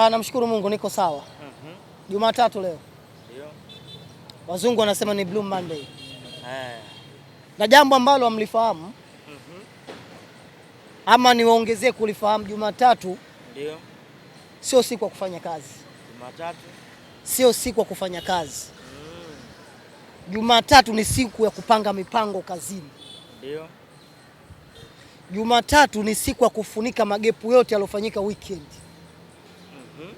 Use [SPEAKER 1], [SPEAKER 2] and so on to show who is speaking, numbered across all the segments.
[SPEAKER 1] Ah, namshukuru Mungu niko sawa. Mhm. Jumatatu leo wazungu wanasema ni Blue Monday. Eh. Na jambo ambalo hamlifahamu mhm. ama niwaongezee kulifahamu, Jumatatu sio siku ya kufanya kazi. Jumatatu sio siku ya kufanya kazi. Mm. Jumatatu ni siku ya kupanga mipango kazini. Ndio. Jumatatu ni siku ya kufunika magepu yote yaliyofanyika weekend. -hmm.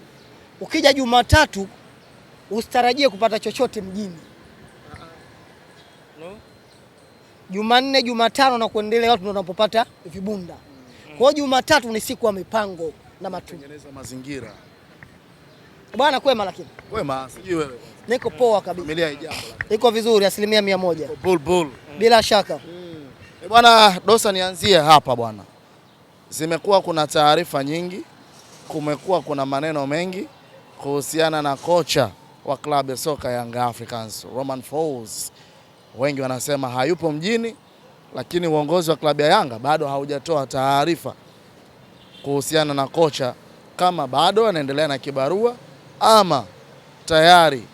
[SPEAKER 1] Ukija Jumatatu usitarajie kupata chochote mjini. Jumanne, Jumatano na kuendelea watu ndio wanapopata vibunda. Hmm. Kwa hiyo Jumatatu ni siku ya mipango na matunda. Tengeneza mazingira. Bwana kwema lakini.
[SPEAKER 2] Kwema, sijui wewe.
[SPEAKER 1] Niko poa hmm. kabisa. Familia haijambo. Niko vizuri asilimia mia moja.
[SPEAKER 2] Bull bull. Hmm.
[SPEAKER 1] Bila shaka. Mm.
[SPEAKER 2] E, bwana Dosa nianzie hapa bwana. Zimekuwa kuna taarifa nyingi kumekuwa kuna maneno mengi kuhusiana na kocha wa klabu ya soka Young Africans Romain Folz. Wengi wanasema hayupo mjini, lakini uongozi wa klabu ya Yanga bado haujatoa taarifa kuhusiana na kocha kama bado anaendelea na kibarua ama tayari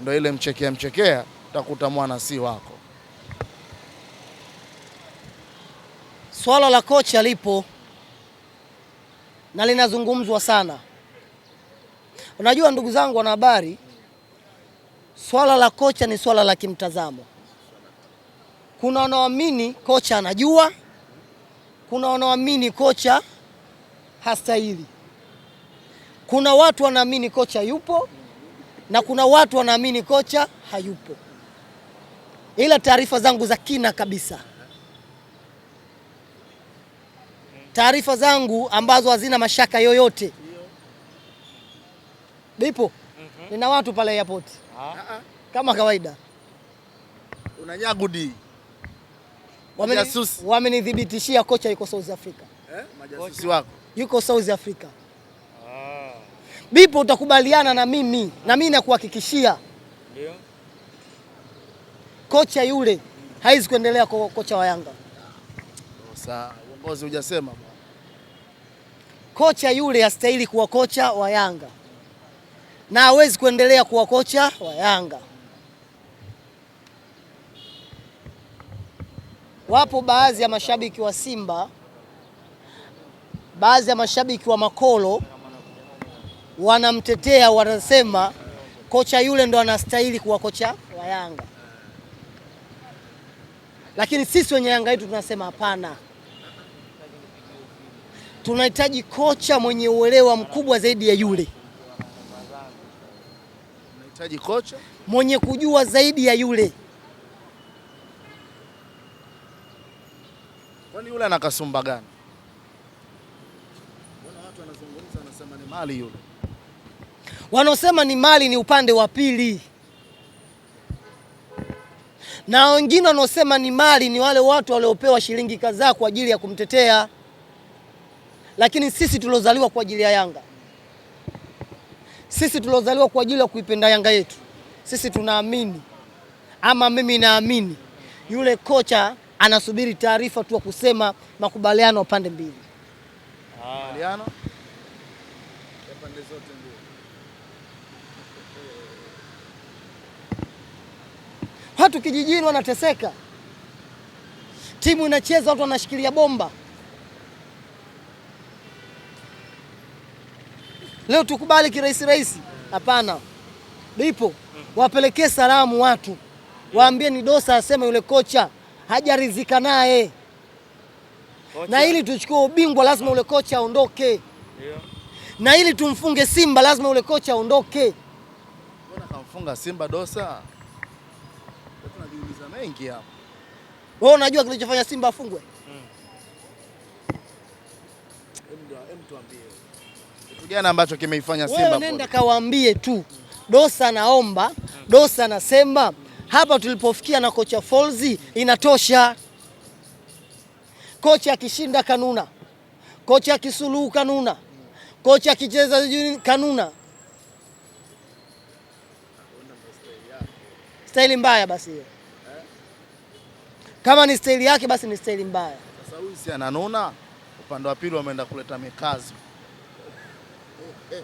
[SPEAKER 2] ndo ile mchekea mchekea, utakuta mwana si wako.
[SPEAKER 1] Swala la kocha lipo na linazungumzwa sana. Unajua ndugu zangu wanahabari, swala la kocha ni swala la kimtazamo. Kuna wanaoamini kocha anajua, kuna wanaoamini kocha hastahili, kuna watu wanaamini kocha yupo na kuna watu wanaamini kocha hayupo, ila taarifa zangu za kina kabisa taarifa zangu ambazo hazina mashaka yoyote bipo. mm -hmm. Nina watu pale airport ah. kama kawaida,
[SPEAKER 2] unanyagudi
[SPEAKER 1] majasusi wamenithibitishia kocha yuko South Africa eh? Majasusi wako yuko South Africa ah. Bipo, utakubaliana na mimi na mimi nakuhakikishia ndio kocha yule haizi kuendelea kwa kocha wa Yanga.
[SPEAKER 2] Sasa uongozi hujasema
[SPEAKER 1] kocha yule astahili kuwa kocha wa Yanga na hawezi kuendelea kuwa kocha wa Yanga. Wapo baadhi ya mashabiki wa Simba, baadhi ya mashabiki wa Makolo wanamtetea, wanasema kocha yule ndo anastahili kuwa kocha wa Yanga, lakini sisi wenye Yanga yetu tunasema hapana tunahitaji kocha mwenye uelewa mkubwa zaidi ya yule,
[SPEAKER 2] tunahitaji kocha
[SPEAKER 1] mwenye kujua zaidi ya yule.
[SPEAKER 2] Kwani yule ana kasumba gani? Mbona watu wanazungumza wanasema ni mali yule?
[SPEAKER 1] Wanaosema ni mali ni upande wa pili, na wengine wanaosema ni mali ni wale watu waliopewa shilingi kadhaa kwa ajili ya kumtetea lakini sisi tuliozaliwa kwa ajili ya Yanga, sisi tuliozaliwa kwa ajili ya kuipenda Yanga yetu, sisi tunaamini ama mimi naamini yule kocha anasubiri taarifa tu ya kusema makubaliano pande mbili. Watu kijijini wanateseka, timu inacheza, watu wanashikilia bomba Leo tukubali kirahisi rahisi? Hapana, lipo. Wapelekee salamu watu, waambie ni Dosa aseme yule kocha hajaridhika naye, na ili tuchukue ubingwa lazima yule kocha aondoke, na ili tumfunge Simba lazima yule kocha aondoke.
[SPEAKER 2] Mbona kamfunga Simba Dosa? Tunajiuliza mengi hapa.
[SPEAKER 1] Wewe unajua kilichofanya Simba afungwe?
[SPEAKER 2] Kitu gani ambacho kimeifanya Simba? Wewe
[SPEAKER 1] nenda kawaambie tu Dosa naomba, Dosa nasemba, hapa tulipofikia na kocha Folzi inatosha. Kocha akishinda kanuna, kocha akisuluhu kanuna, kocha akicheza kanuna. Staili mbaya basi hiyo, kama ni staili yake basi ni staili mbaya.
[SPEAKER 2] Sasa huyu si ananuna, upande wa pili wameenda kuleta mikazi Eh.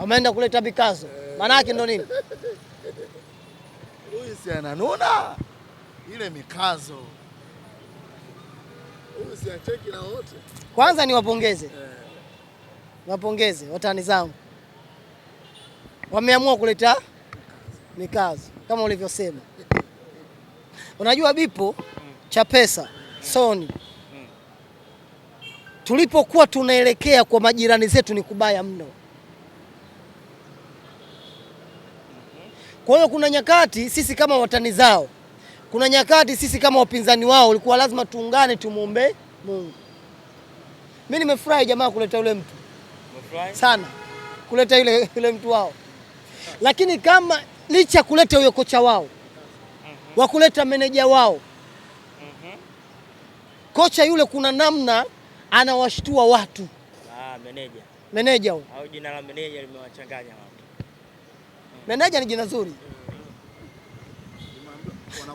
[SPEAKER 1] Ameenda kuleta bikazo, eh. maanake ndo nini?
[SPEAKER 2] Huyu si ananuna ile mikazo. Huyu si acheki na wote.
[SPEAKER 1] Kwanza niwapongeze, eh. niwapongeze watani zangu, wameamua kuleta mikazo kama ulivyosema. Unajua bipo cha pesa Sony tulipokuwa tunaelekea kwa majirani zetu ni kubaya mno. Kwa hiyo kuna nyakati sisi kama watani zao, kuna nyakati sisi kama wapinzani wao, ulikuwa lazima tuungane, tumwombe Mungu. Mi nimefurahi jamaa kuleta yule mtu sana, kuleta yule, yule mtu wao, lakini kama licha ya kuleta huyo kocha wao mhm. wa kuleta meneja wao mhm. kocha yule, kuna namna anawashtua watu. Ah, meneja. Meneja huyo.
[SPEAKER 2] Au jina la meneja limewachanganya watu. Hmm.
[SPEAKER 1] Meneja ni jina zuri. Hmm.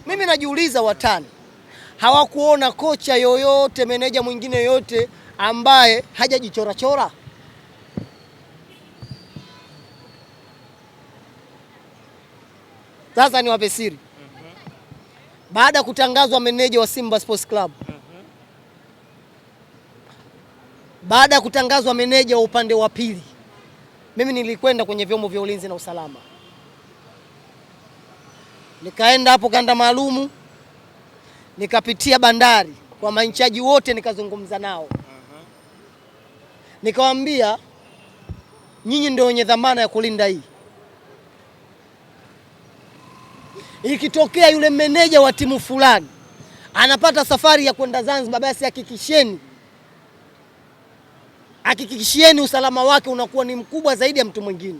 [SPEAKER 1] Mimi najiuliza watani hawakuona kocha yoyote, meneja mwingine yoyote ambaye hajajichorachora Sasa niwape siri. Mhm. Baada ya kutangazwa meneja wa Simba Sports Club Baada ya kutangazwa meneja wa upande wa pili, mimi nilikwenda kwenye vyombo vya ulinzi na usalama, nikaenda hapo kanda maalumu, nikapitia bandari kwa mainchaji wote, nikazungumza nao Nikawaambia nyinyi ndio wenye dhamana ya kulinda hii. Ikitokea yule meneja wa timu fulani anapata safari ya kwenda Zanzibar, basi hakikisheni hakikishieni usalama wake unakuwa ni mkubwa zaidi ya mtu mwingine.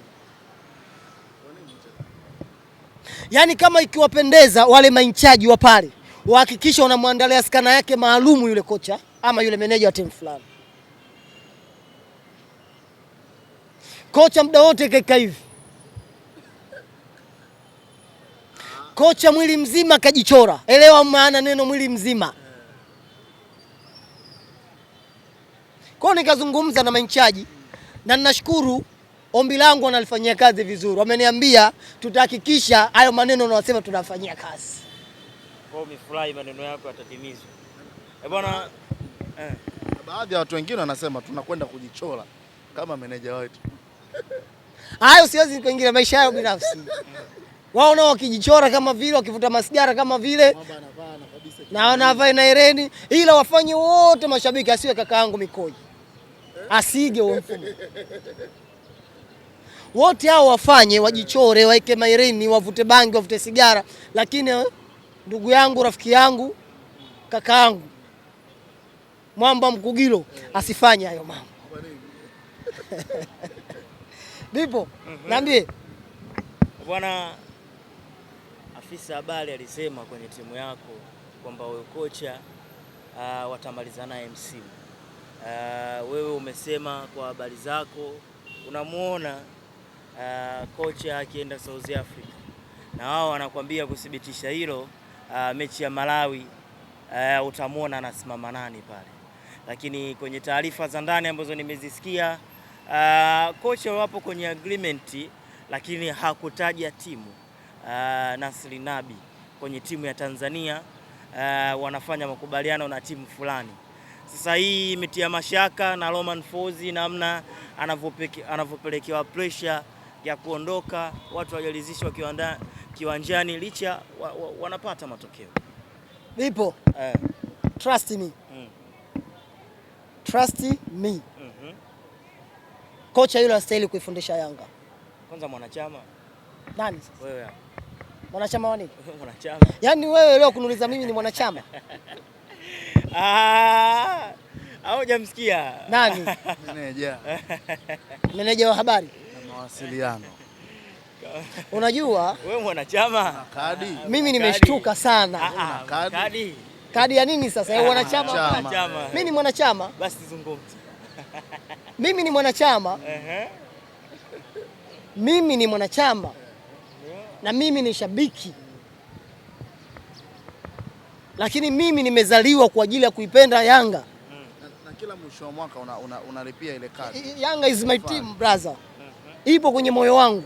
[SPEAKER 1] Yaani kama ikiwapendeza wale mainchaji wa pale wahakikisha wanamwandalia skana yake maalumu yule kocha ama yule meneja wa timu fulani. Kocha muda wote kaika hivi, kocha mwili mzima kajichora. Elewa maana neno mwili mzima Kwa nikazungumza na mainchaji na ninashukuru ombi langu wanalifanyia kazi vizuri, wameniambia tutahakikisha hayo maneno unayosema tunafanyia kazi.
[SPEAKER 2] Kwa mifurahi maneno yako yatatimizwa. Eh, bwana eh. Baadhi ya watu wengine wanasema tunakwenda kujichora kama meneja wetu.
[SPEAKER 1] Hayo siwezi kuingilia maisha yao binafsi. Wao nao wakijichora kama vile, wakivuta masigara kama vile na wanavaa na ireni, ila wafanye wote mashabiki, asiwe kaka yangu Mikoji asige huo mfumo. Wote hao wafanye, wajichore, waeke mairini, wavute bangi, wavute sigara, lakini eh, ndugu yangu, rafiki yangu, kaka yangu mwamba Mkugilo asifanye hayo mambo ndipo mhm. niambie
[SPEAKER 2] bwana. Afisa habari alisema kwenye timu yako kwamba huyo kocha uh, ah, watamalizana MC uh, wewe umesema kwa habari zako unamwona uh, eh, kocha akienda South Africa na wao wanakwambia kuthibitisha hilo uh, mechi ya Malawi uh, utamwona anasimama nani pale, lakini kwenye taarifa za ndani ambazo nimezisikia uh, kocha wapo kwenye agreement, lakini hakutaja timu uh, Nasri Nabi kwenye timu ya Tanzania uh, wanafanya makubaliano na timu fulani. Sasa hii imetia mashaka na Romain Folz namna anavyopelekewa pressure ya kuondoka, watu wajalizishwa kiwanjani, licha wa, wa, wanapata matokeo
[SPEAKER 1] vipo eh. Trust me. Mm. Trust me. Mm -hmm. Kocha yule astahili kuifundisha Yanga
[SPEAKER 2] kwanza, mwanachama
[SPEAKER 1] nani Wewe mwanachama wa nini? Mwanachama. Yaani wewe leo kuniuliza mimi ni mwanachama
[SPEAKER 2] Ah, au jamsikia
[SPEAKER 1] nani? Meneja, meneja wa habari na mawasiliano. Unajua
[SPEAKER 2] wewe mwanachama, kadi
[SPEAKER 1] ah, mimi nimeshtuka sana. Ah, ah, kadi. Kadi. Kadi ya nini sasa? Ya wanachama. Mimi ni mwanachama. Basi zungumza. Mimi ni mwanachama. Mimi ni mwanachama na mimi ni shabiki lakini mimi nimezaliwa kwa ajili ya kuipenda Yanga mm.
[SPEAKER 2] na, na kila mwisho wa mwaka una, una, una ile kadi.
[SPEAKER 1] Yanga is my team brother, mm-hmm. ipo kwenye moyo wangu,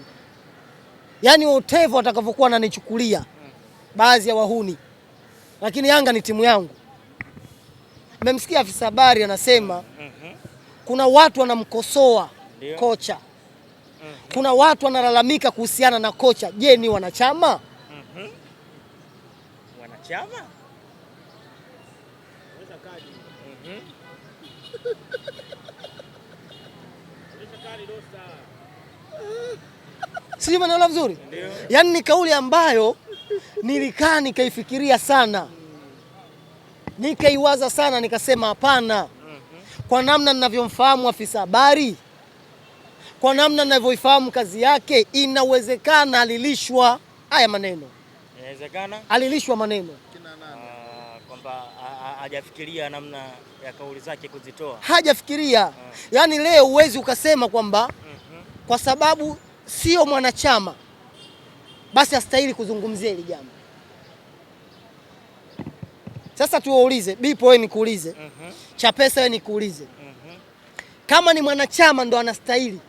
[SPEAKER 1] yaani whatever watakavyokuwa wananichukulia mm. baadhi ya wahuni, lakini Yanga ni timu yangu. Mmemsikia afisa habari anasema mm -hmm. kuna watu wanamkosoa kocha mm-hmm. kuna watu wanalalamika kuhusiana na kocha. Je, ni wanachama? mm
[SPEAKER 2] wanachama
[SPEAKER 1] Sijui manaona vizuri, yaani ni kauli ambayo nilikaa nikaifikiria sana, nikaiwaza sana, nikasema hapana. Mhm. Kwa namna ninavyomfahamu afisa habari, kwa namna ninavyoifahamu kazi yake, inawezekana alilishwa haya maneno, inawezekana alilishwa maneno Kina nani?
[SPEAKER 2] Uh, kwamba hajafikiria namna ya kauli zake kuzitoa,
[SPEAKER 1] hajafikiria hmm. Yaani leo huwezi ukasema kwamba hmm. kwa sababu sio mwanachama basi astahili kuzungumzia hili jambo. Sasa tuwaulize Bipo, wewe nikuulize hmm. -huh. Chapesa, wewe nikuulize uh kama ni mwanachama ndo anastahili,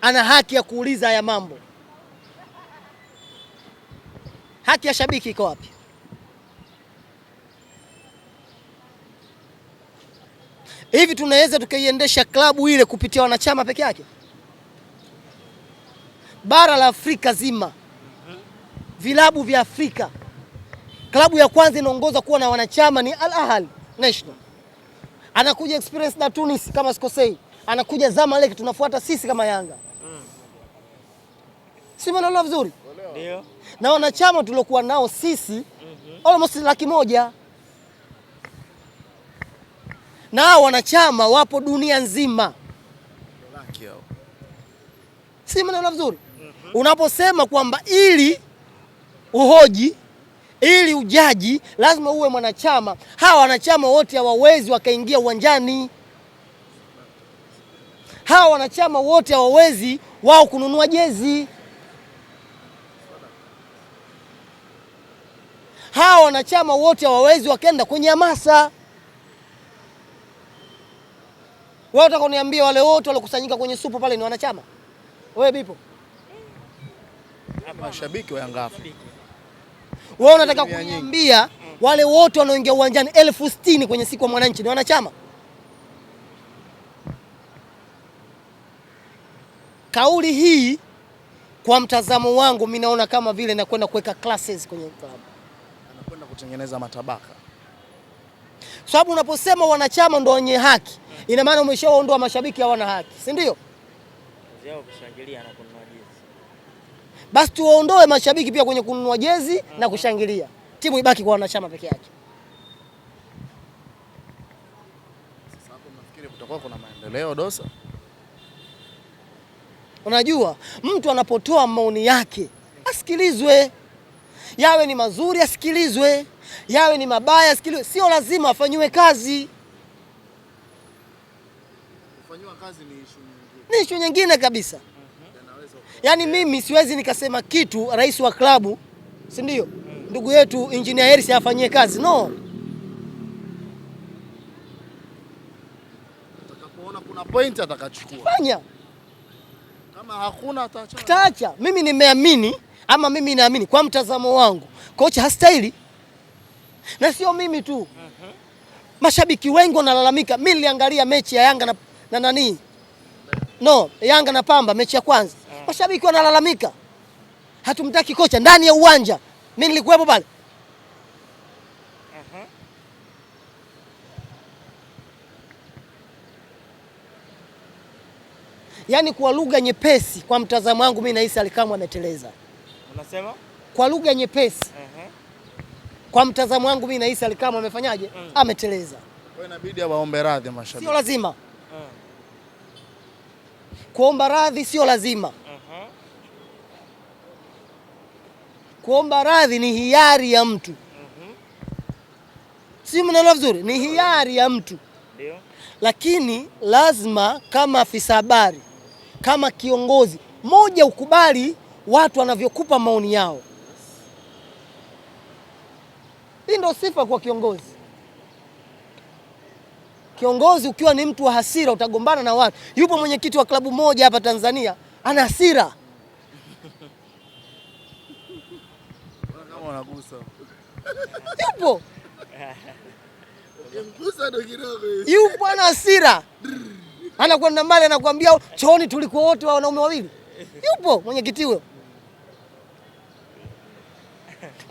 [SPEAKER 1] ana haki ya kuuliza haya mambo, haki ya shabiki iko wapi? Hivi tunaweza tukaiendesha klabu ile kupitia wanachama peke yake? Bara la Afrika zima, vilabu vya Afrika, klabu ya kwanza inaongoza kuwa na wanachama ni Al Ahly National, anakuja Experience na Tunis kama sikosei, anakuja Zamalek, tunafuata sisi kama Yanga, si vizuri? na wanachama tuliokuwa nao sisi almost laki moja na wanachama wapo dunia nzima, si maneno vizuri. Mhm. Unaposema kwamba ili uhoji ili ujaji lazima uwe mwanachama, hawa wanachama wote hawawezi wakaingia uwanjani, hawa wanachama wote hawawezi wao kununua jezi, hawa wanachama wote hawawezi wakaenda kwenye hamasa. Wewe unataka kuniambia wale wote waliokusanyika kwenye supu pale ni wanachama? Wewe bipo?
[SPEAKER 2] Hapa wa Yanga.
[SPEAKER 1] Wewe unataka kuniambia wale wote wanaoingia uwanjani elfu sitini kwenye siku ya mwananchi ni wanachama? Kauli hii kwa mtazamo wangu mimi naona kama vile nakwenda kuweka classes kwenye club.
[SPEAKER 2] Anakwenda kutengeneza matabaka
[SPEAKER 1] sababu so, unaposema wanachama ndo wenye haki, ina maana umeshaondoa mashabiki hawana haki, si ndio? Basi tuwaondoe mashabiki pia kwenye kununua jezi mm -hmm. na kushangilia, timu ibaki kwa wanachama peke yake.
[SPEAKER 2] kutakuwa kuna maendeleo Dosa.
[SPEAKER 1] Unajua, mtu anapotoa maoni yake asikilizwe yawe ni mazuri yasikilizwe, yawe ni mabaya yasikilizwe, sio lazima afanyiwe kazi.
[SPEAKER 2] Kufanyiwa kazi ni ishu nyingine,
[SPEAKER 1] ni ishu nyingine kabisa. Mhm. Yaani mimi siwezi nikasema kitu rais wa klabu, si ndio? Mhm. Ndugu yetu Engineer Harris afanyie kazi no.
[SPEAKER 2] Atakapoona kuna point atakachukua.
[SPEAKER 1] Fanya. Kama hakuna ataacha. Mimi nimeamini ama mimi naamini kwa mtazamo wangu kocha hastahili, na sio mimi tu Mashabiki wengi wanalalamika. Mimi niliangalia mechi ya Yanga na, na nani no Yanga na Pamba mechi ya kwanza mm. Mashabiki wanalalamika hatumtaki kocha ndani ya uwanja. Mimi nilikuwepo pale mm-hmm. Yaani kwa lugha nyepesi, kwa mtazamo wangu mimi nahisi alikamwa ameteleza. Unasema? Kwa lugha nyepesi uh -huh. Kwa mtazamo wangu mimi nahisi Ally Kamwe amefanyaje? mm. Ameteleza.
[SPEAKER 2] Kwa inabidi awaombe radhi mashabiki.
[SPEAKER 1] Sio lazima uh mm. -huh. Kuomba radhi sio lazima Kuomba radhi ni hiari ya mtu uh mhm. -huh. Si mnaelewa vizuri, ni hiari ya mtu ndio. Lakini lazima kama afisa habari, kama kiongozi moja, ukubali watu wanavyokupa maoni yao. Hii ndio sifa kwa kiongozi. Kiongozi ukiwa ni mtu wa hasira utagombana na watu. Yupo mwenyekiti wa klabu moja hapa Tanzania ana hasira yupo yupo, ana hasira, anakwenda mbali, anakuambia chooni tulikuwa wote wanaume wawili. Yupo mwenyekiti huyo.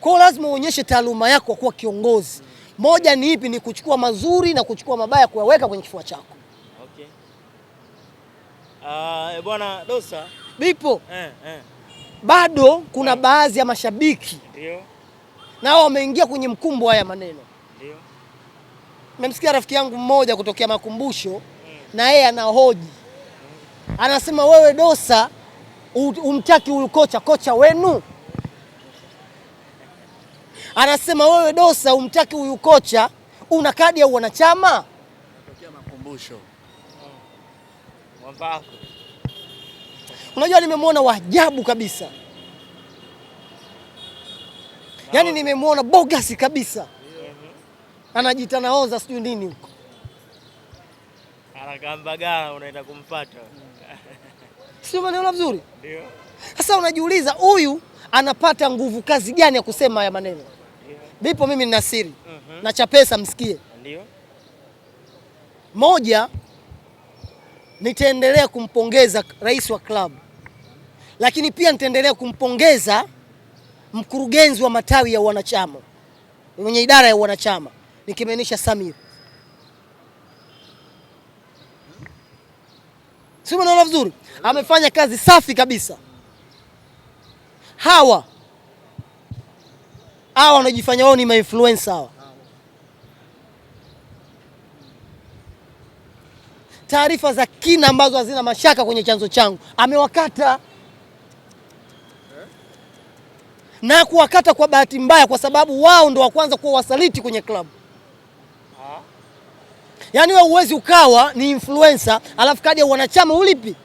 [SPEAKER 1] Kwa hiyo lazima uonyeshe taaluma yako kwa kuwa kiongozi. Moja ni ipi? Ni kuchukua mazuri na kuchukua mabaya kuyaweka kwenye kifua chako. Okay.
[SPEAKER 2] Uh, bwana Dosa
[SPEAKER 1] bipo eh, eh. Bado kuna baadhi ya mashabiki nao wameingia kwenye mkumbo haya maneno. Memsikia rafiki yangu mmoja kutokea Makumbusho mm. na yeye anahoji mm. anasema, wewe Dosa umtaki huyu kocha, kocha wenu anasema wewe Dosa umtaki huyu kocha, una kadi ya wanachama. Oh, Unajua, nimemwona wajabu kabisa, yaani nimemwona bogasi kabisa, mhm. anajitanaoza sijui nini huko
[SPEAKER 2] Anakambagala unaenda kumpata.
[SPEAKER 1] Sio maneno mazuri? Ndio. Sasa unajiuliza huyu anapata nguvu kazi gani ya kusema haya maneno? Bipo mimi nina siri mm -hmm. na Chapesa msikie. Ndio. Moja, nitaendelea kumpongeza rais wa klabu, lakini pia nitaendelea kumpongeza mkurugenzi wa matawi ya wanachama, mwenye idara ya wanachama, nikimaanisha Samir. Si unaona vizuri, amefanya kazi safi kabisa hawa hawa wanajifanya wao ni mainfluencer hawa. Taarifa za kina ambazo hazina mashaka kwenye chanzo changu amewakata na kuwakata kwa bahati mbaya, kwa sababu wao ndo wa kwanza kuwa wasaliti kwenye klabu. Yaani wewe huwezi ukawa ni influencer alafu kadi ya wanachama ulipi?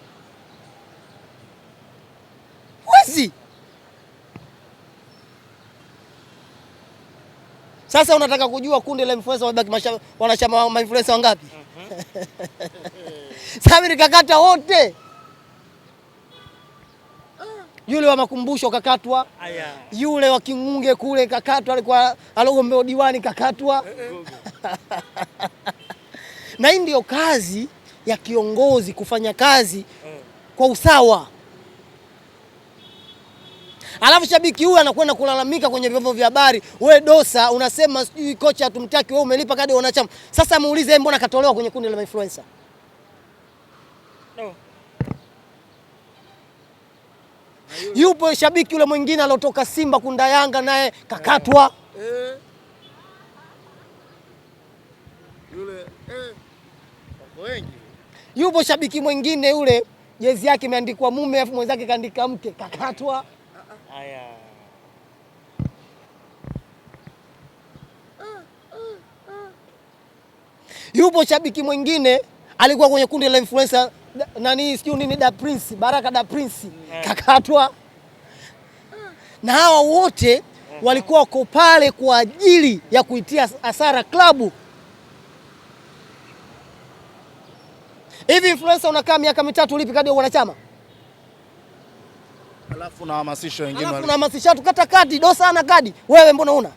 [SPEAKER 1] Huwezi. Sasa unataka kujua kundi la influencer wabaki wanachama wa influencer wangapi? Mhm. Sasa mimi nikakata wote. Ah. Yule wa makumbusho kakatwa, yule wa Kingunge kule kakatwa, alikuwa alogombea diwani kakatwa. Eh, eh. Na hii ndio kazi ya kiongozi, kufanya kazi eh. kwa usawa. Alafu shabiki huyu anakwenda kulalamika kwenye vyombo vya habari, we Dosa unasema sijui kocha hatumtaki, wewe umelipa kadi wanachama. Sasa muulize yeye, eh, mbona katolewa kwenye kundi la influencer? No. Yupo shabiki yule mwingine aliotoka Simba kunda Yanga naye kakatwa eh. Yule, eh. Yupo shabiki mwingine yule jezi yake imeandikwa mume afu mwenzake kaandika mke kakatwa. Aya. Yupo shabiki mwingine alikuwa kwenye kundi la influencer nani sijui nini da Prince, Baraka da Prince eh. kakatwa, na hawa wote eh. walikuwa wako pale kwa ajili ya kuitia hasara klabu. Hivi influencer unakaa miaka mitatu lipi kadi ya wanachama?
[SPEAKER 2] Alafu nahamasisha wengine. Alafu
[SPEAKER 1] na watu tukata kadi, Dosa ana kadi. Wewe mbona una?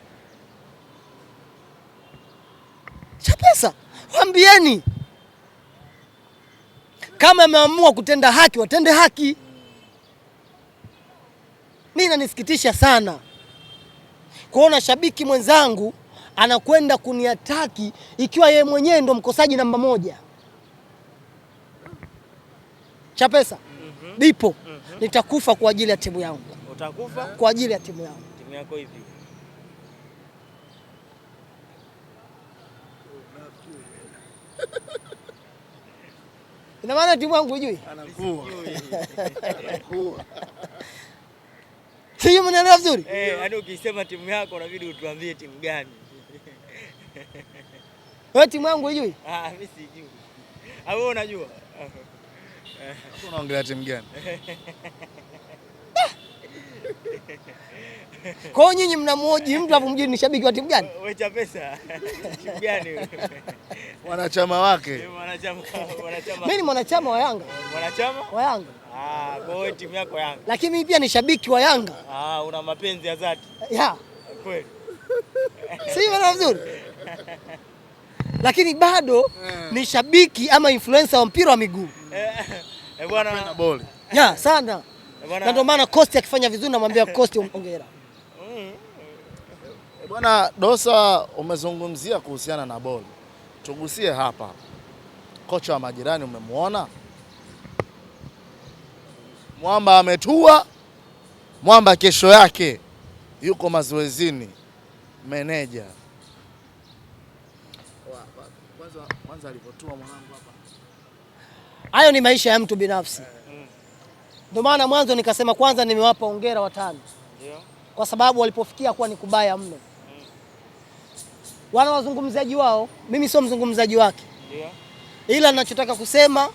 [SPEAKER 1] Chapesa. Waambieni. Kama ameamua kutenda haki, watende haki. Mimi nanisikitisha sana kuona shabiki mwenzangu anakwenda kuniataki ikiwa yeye mwenyewe ndo mkosaji namba moja. Chapesa. Mm-hmm. nipo mm -hmm. Nitakufa kwa ajili ya timu yangu. Utakufa kwa ajili ya timu yangu. Timu yako hivi. Ina maana timu yangu hujui? Anakuwa. Anakuwa. Sio mnaelewa vizuri?
[SPEAKER 2] Eh, yaani ukisema timu yako unabidi utuambie timu gani.
[SPEAKER 1] Wewe timu yangu hujui?
[SPEAKER 2] Ah, mimi sijui. Au ah, wewe unajua? Unaongelea timu gani?
[SPEAKER 1] Kwa hiyo nyinyi mnamhoji mtu alafu mjini ni shabiki wa timu gani?
[SPEAKER 2] Wecha pesa. Timu gani? wewe? Wanachama wake.
[SPEAKER 1] Mimi ni mwanachama wa Yanga. Mwanachama? Wa Yanga.
[SPEAKER 2] Ah, kwa hiyo timu yako Yanga.
[SPEAKER 1] Lakini mimi pia ni shabiki wa Yanga.
[SPEAKER 2] Ah, una mapenzi ya dhati. Ya. Kweli.
[SPEAKER 1] Si na nzuri. Lakini bado eh. ni shabiki ama influencer wa mpira wa miguu. Eh,
[SPEAKER 2] eh, eh, bwana
[SPEAKER 1] yeah, sana na ndio maana Costi akifanya vizuri namwambia Costi um-, ongera.
[SPEAKER 2] Bwana Dosa, umezungumzia kuhusiana na boli, tugusie hapa. Kocha wa majirani umemwona, mwamba ametua, mwamba kesho yake yuko mazoezini. Meneja kwanza alivyotua mwanangu hapa
[SPEAKER 1] Hayo ni maisha ya mtu binafsi. Ndio maana mwanzo nikasema kwanza nimewapa hongera watano, kwa sababu walipofikia kuwa ni kubaya mno. Wana wazungumzaji wao, mimi sio mzungumzaji wake, ila ninachotaka kusema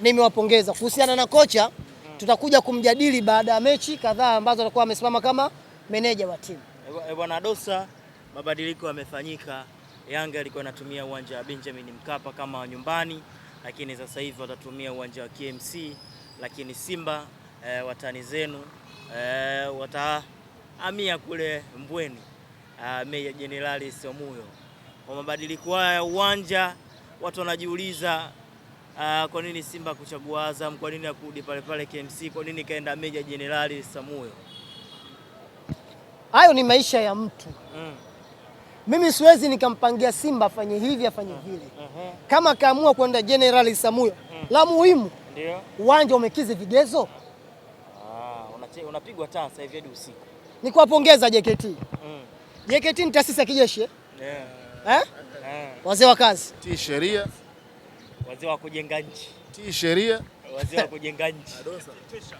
[SPEAKER 1] nimewapongeza. Kuhusiana na kocha, tutakuja kumjadili baada ya mechi kadhaa ambazo atakuwa amesimama kama meneja wa timu.
[SPEAKER 2] Eh, bwana Dosa, mabadiliko yamefanyika. Yanga alikuwa anatumia uwanja wa Benjamin Mkapa kama nyumbani lakini sasa hivi watatumia uwanja wa KMC, lakini Simba e, watani zenu e, watahamia kule Mbweni eh, Meja Jenerali Samuyo. Kwa mabadiliko haya ya uwanja, watu wanajiuliza kwa nini Simba kuchagua Azam, kwa nini akurudi pale pale KMC, kwa nini kaenda Meja Jenerali Samuyo?
[SPEAKER 1] Hayo ni maisha ya mtu mm. Mimi siwezi nikampangia Simba afanye hivi afanye vile. Mhm. Kama kaamua kwenda General Isamuyo, mhm. la muhimu ndio uwanja umekizi vigezo.
[SPEAKER 2] Ah, unapigwa taa sasa hivi hadi usiku.
[SPEAKER 1] Ni kuwapongeza JKT. Mm. JKT ni taasisi ya kijeshi eh? Yeah. Eh? Yeah. Wazee wa kazi.
[SPEAKER 2] ti sheria. Wazee wa kujenga nchi. ti sheria. Wazee wa kujenga nchi.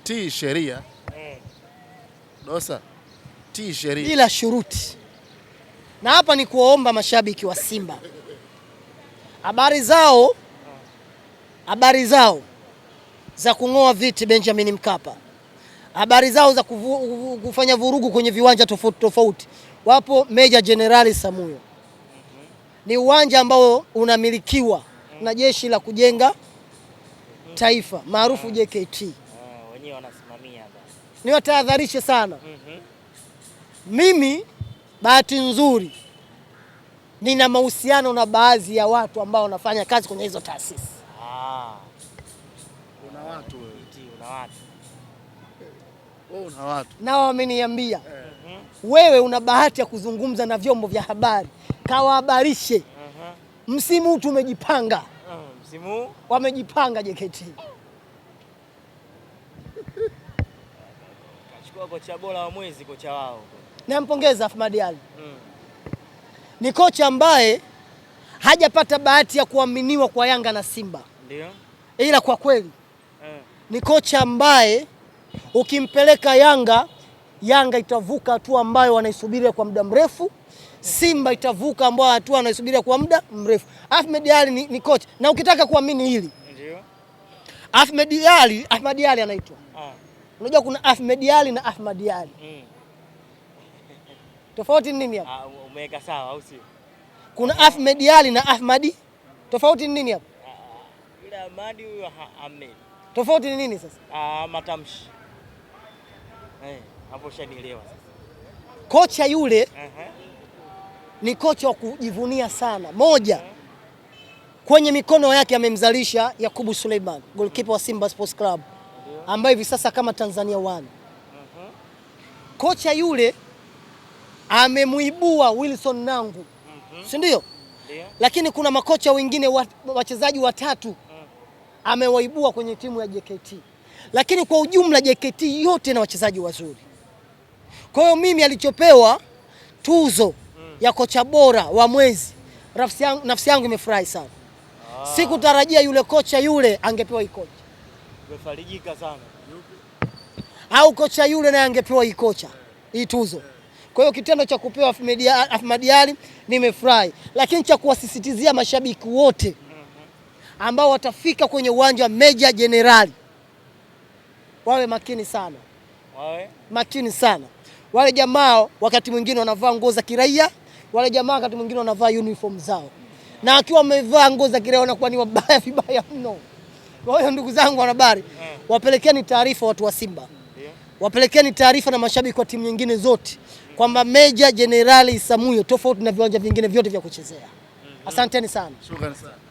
[SPEAKER 2] ti sheria. Eh. Dosa. ti sheria.
[SPEAKER 1] Bila shuruti na hapa ni kuwaomba mashabiki wa Simba, habari zao habari zao za kung'oa viti Benjamin Mkapa, habari zao za kufu, kufanya vurugu kwenye viwanja tofauti tofauti. Wapo Meja Jenerali Samuyo, ni uwanja ambao unamilikiwa na jeshi la kujenga taifa maarufu JKT. Oh,
[SPEAKER 2] wenyewe wanasimamia.
[SPEAKER 1] Niwatahadharishe sana mhm. mimi bahati nzuri nina mahusiano na baadhi ya watu ambao wanafanya kazi kwenye hizo taasisi. Ah.
[SPEAKER 2] Una watu wewe. Una watu. Wewe una watu.
[SPEAKER 1] Nao wameniambia eh, wewe una bahati ya kuzungumza na vyombo vya habari, kawahabarishe. uh mhm. -huh. Msimu huu tumejipanga. uh mm,
[SPEAKER 2] -huh. Msimu
[SPEAKER 1] wamejipanga JKT.
[SPEAKER 2] kocha bora wa mwezi, kocha wao
[SPEAKER 1] nampongeza Ahmad Ally mm. Ni kocha ambaye hajapata bahati ya kuaminiwa kwa Yanga na Simba ndio, ila kwa kweli eh, ni kocha ambaye ukimpeleka Yanga, Yanga itavuka hatua ambayo wanaisubiria kwa muda mrefu. Simba itavuka ambayo hatua wanaisubiria kwa muda mrefu. Ahmed Ally ni, ni kocha na ukitaka kuamini hili ndio, Ahmed Ally, Ahmed Ally anaitwa Unajua kuna Ahmed Ali na Ahmad Ali mm. tofauti ni nini hapo?
[SPEAKER 2] Ah, Umeweka sawa au sio?
[SPEAKER 1] Kuna Ahmed Ali na Ahmadi, tofauti ni nini hapo? Ah,
[SPEAKER 2] ah, Yule Ahmadi huyo Ahmed.
[SPEAKER 1] Tofauti ni nini sasa?
[SPEAKER 2] Ah, matamshi. Eh, hapo shanielewa sasa.
[SPEAKER 1] Kocha yule uh -huh. ni kocha wa kujivunia sana moja, uh -huh. kwenye mikono yake amemzalisha Yakubu Suleiman, goalkeeper wa Simba Sports Club ambaye hivi sasa kama Tanzania One kocha yule amemuibua Wilson Nangu, mhm. si ndio? Lakini kuna makocha wengine wachezaji watatu mhm. amewaibua kwenye timu ya JKT, lakini kwa ujumla JKT yote na wachezaji wazuri. Kwa hiyo mimi alichopewa tuzo mm. ya kocha bora wa mwezi, nafsi yangu imefurahi sana. Ah. Sikutarajia yule kocha yule angepewa hii kocha
[SPEAKER 2] Umefarijika sana.
[SPEAKER 1] Au kocha yule naye angepewa hii kocha hii tuzo. Kwa hiyo kitendo cha kupewa Ahmed Ally nimefurahi, lakini cha kuwasisitizia mashabiki wote ambao watafika kwenye uwanja wa Meja Jenerali wawe makini sana, wawe makini sana. Wale jamaa wakati mwingine wanavaa nguo za kiraia, wale jamaa wakati mwingine wanavaa uniform zao, na akiwa wamevaa nguo za kiraia wanakuwa ni wabaya vibaya mno. Kwa hiyo ndugu zangu wanahabari, hmm. wapelekeni taarifa watu wa Simba, wapelekeni taarifa na mashabiki wa timu nyingine zote kwamba Meja Jenerali Isamuhyo tofauti na viwanja vingine vyote vya kuchezea. Hmm. Asanteni sana. Shukrani sana.